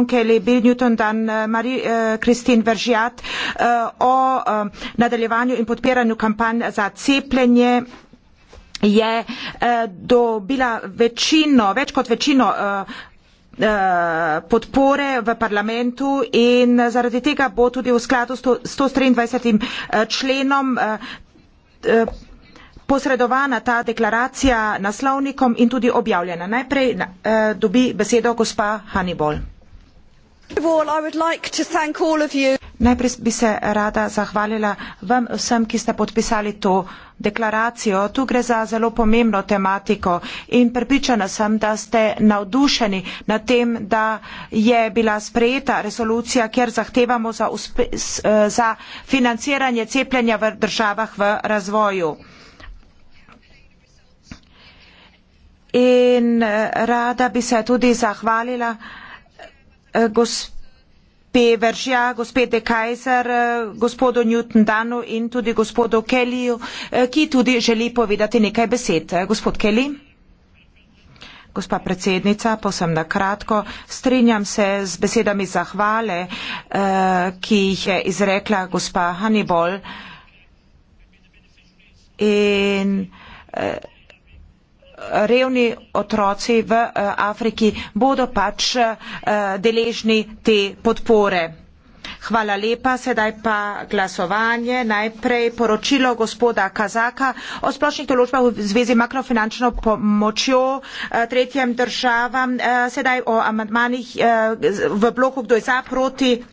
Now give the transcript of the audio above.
Onkeli, Bill Newton, Dan, eh, Marie, Kristin eh, Veržjat eh, o nadaljevanju in podpiranju kampanj za cepljenje je dobila večino, več kot večino podpore v parlamentu in zaradi tega bo tudi v skladu s 123. členom posredovana ta deklaracija naslovnikom in tudi objavljena. Najprej dobi besedo gospa Hannibal. Najprej bi se rada zahvalila vam vsem, ki ste podpisali to deklaracijo. Tu gre za zelo pomembno tematiko in prepričana sem, da ste navdušeni na tem, da je bila sprejeta resolucija, kjer zahtevamo za, uspe, eh, za financiranje cepljenja v državah v razvoju. In eh, rada bi se tudi zahvalila. Eh, gospe Veržja, gospede Kajzer, eh, gospodu Newton Danu in tudi gospodu Kellyju, eh, ki tudi želi povedati nekaj besed. Gospod Kelly. Gospa predsednica, posem na kratko, strinjam se z besedami zahvale, ki jih je izrekla gospa Hannibal. In revni otroci v eh, Afriki bodo pač eh, deležni te podpore. Hvala lepa, sedaj pa glasovanje. Najprej poročilo gospoda Kazaka o splošnih določbah v zvezi makrofinančno pomočjo eh, tretjem državam, sedaj o amadmanih v bloku, kdo je za proti.